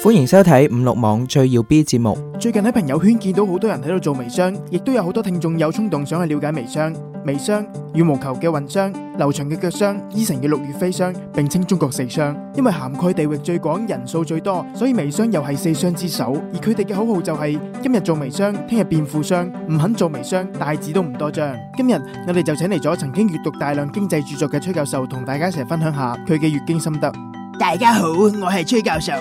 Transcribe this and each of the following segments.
歡迎收睇《五六網最耀 B 節目》。最近喺朋友圈見到好多人喺度做微商，亦都有好多聽眾有衝動想去了解微商。微商、羽毛球嘅運商、劉翔嘅腳傷、醫神嘅六月飛霜，並稱中國四傷，因為涵蓋地域最廣、人數最多，所以微商又係四商之首。而佢哋嘅口號就係：今日做微商，聽日變富商；唔肯做微商，大紙都唔多張。今日我哋就請嚟咗曾經閱讀大量經濟著作嘅崔教授，同大家一齊分享下佢嘅閱經心得。大家好，我係崔教授。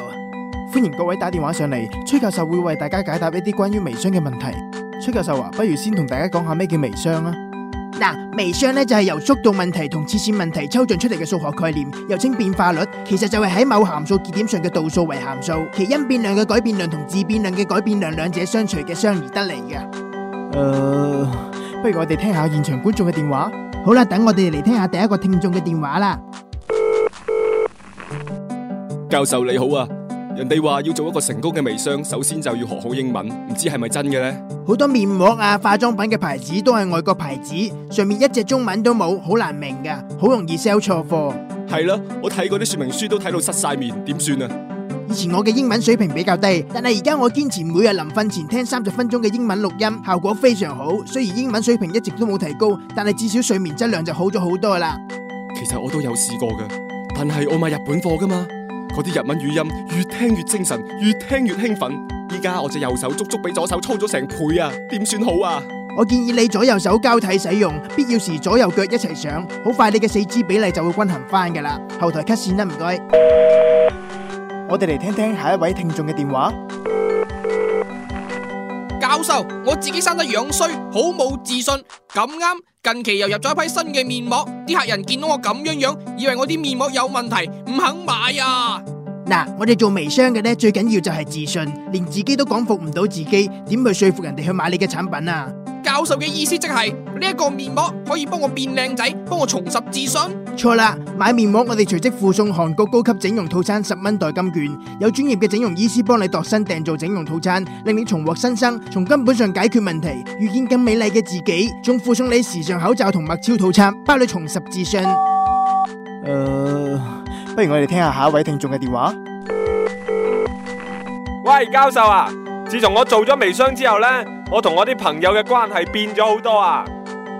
歡迎各位打電話上嚟，崔教授會為大家解答一啲關於微商嘅問題。崔教授話，不如先同大家講下咩叫微商啊？嗱，微商呢就係由速度問題同切線問題抽象出嚟嘅數學概念，又稱變化率。其實就係喺某函數節點上嘅導數為函數，其因變量嘅改變量同自變量嘅改變量兩者相除嘅商而得嚟嘅。誒，不如我哋聽下現場觀眾嘅電話。好啦，等我哋嚟聽下第一個聽眾嘅電話啦。教授你好啊！人哋話要做一個成功嘅微商，首先就要學好英文，唔知係咪真嘅呢？好多面膜啊，化妝品嘅牌子都係外國牌子，上面一隻中文都冇，好難明噶，好容易 sell 錯貨。係咯，我睇過啲說明書都睇到失晒面，點算啊？以前我嘅英文水平比較低，但係而家我堅持每日臨瞓前聽三十分鐘嘅英文錄音，效果非常好。雖然英文水平一直都冇提高，但係至少睡眠質量就好咗好多啦。其實我都有試過噶，但係我買日本貨噶嘛。我啲日文語音越聽越精神，越聽越興奮。依家我隻右手足足比左手粗咗成倍啊！點算好啊？我建議你左右手交替使用，必要時左右腳一齊上，好快你嘅四肢比例就會均衡翻噶啦。後台 cut 線啦，唔該。我哋嚟聽聽下一位聽眾嘅電話。教授，我自己生得樣衰，好冇自信。咁啱近期又入咗一批新嘅面膜，啲客人見到我咁樣樣，以為我啲面膜有問題，唔肯買啊！嗱，我哋做微商嘅呢，最緊要就係自信，連自己都講服唔到自己，點去說服人哋去買你嘅產品啊？教授嘅意思即係呢一個面膜可以幫我變靚仔，幫我重拾自信？錯啦，買面膜我哋隨即附送韓國高級整容套餐十蚊代金券，有專業嘅整容醫師幫你度身訂造整容套餐，令你重獲新生，從根本上解決問題，遇見更美麗嘅自己，仲附送你時尚口罩同墨超套餐，包你重拾自信。誒、呃。不如我哋聽下下一位聽眾嘅電話。喂，教授啊，自從我做咗微商之後呢，我同我啲朋友嘅關係變咗好多啊！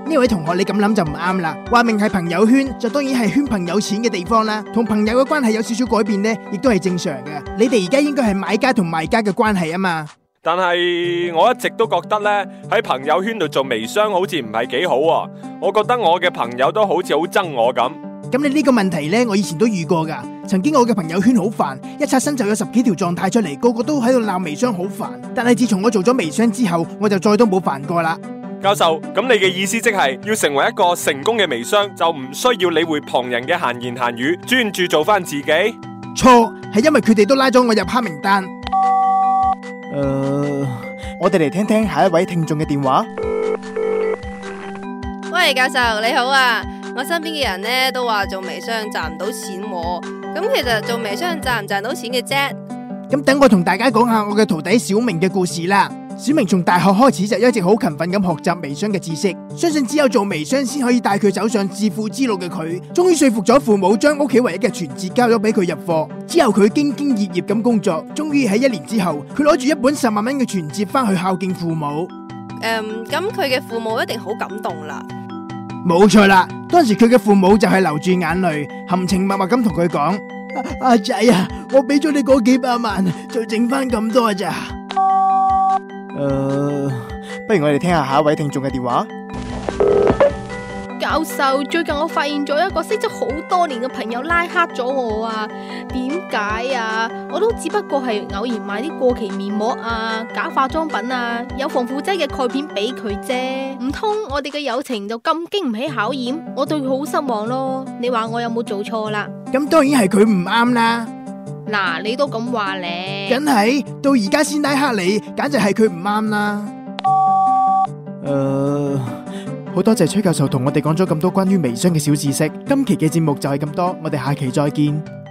呢位同學，你咁諗就唔啱啦。話明係朋友圈，就當然係圈朋友錢嘅地方啦。同朋友嘅關係有少少改變呢，亦都係正常嘅。你哋而家應該係買家同賣家嘅關係啊嘛。但係我一直都覺得呢，喺朋友圈度做微商好似唔係幾好啊。我覺得我嘅朋友都好似好憎我咁。咁你呢個問題呢，我以前都遇過噶。曾經我嘅朋友圈好煩，一刷新就有十幾條狀態出嚟，個個都喺度鬧微商，好煩。但係自從我做咗微商之後，我就再都冇煩過啦。教授，咁你嘅意思即係要成為一個成功嘅微商，就唔需要理會旁人嘅閒言閒語，專注做翻自己？錯，係因為佢哋都拉咗我入黑名單。誒，我哋嚟聽聽下一位聽眾嘅電話。喂，教授你好啊。我身邊嘅人呢都話做微商賺唔到錢喎，咁其實做微商賺唔賺到錢嘅啫？咁等我同大家講下我嘅徒弟小明嘅故事啦。小明從大學開始就一直好勤奮咁學習微商嘅知識，相信只有做微商先可以帶佢走上致富之路嘅佢，終於說服咗父母將屋企唯一嘅存折交咗俾佢入貨。之後佢兢兢業業咁工作，終於喺一年之後，佢攞住一本十萬蚊嘅存折翻去孝敬父母。誒、嗯，咁佢嘅父母一定好感動啦。冇錯啦，當時佢嘅父母就係流住眼淚，含情脈脈咁同佢講：阿、啊啊、仔啊，我俾咗你嗰幾百萬，就剩翻咁多咋。誒、呃，不如我哋聽下下一位聽眾嘅電話。教授，最近我發現咗一個識咗好多年嘅朋友拉黑咗我啊，點解啊？我都只不過係偶然買啲過期面膜啊，假化妝品啊，有防腐劑嘅鈣片俾佢啫，唔通我哋嘅友情就咁經唔起考驗？我對佢好失望咯，你話我有冇做錯啦？咁當然係佢唔啱啦。嗱，你都咁話咧，梗係到而家先拉黑你，簡直係佢唔啱啦。好多謝崔教授同我哋講咗咁多關於微商嘅小知識，今期嘅節目就係咁多，我哋下期再見。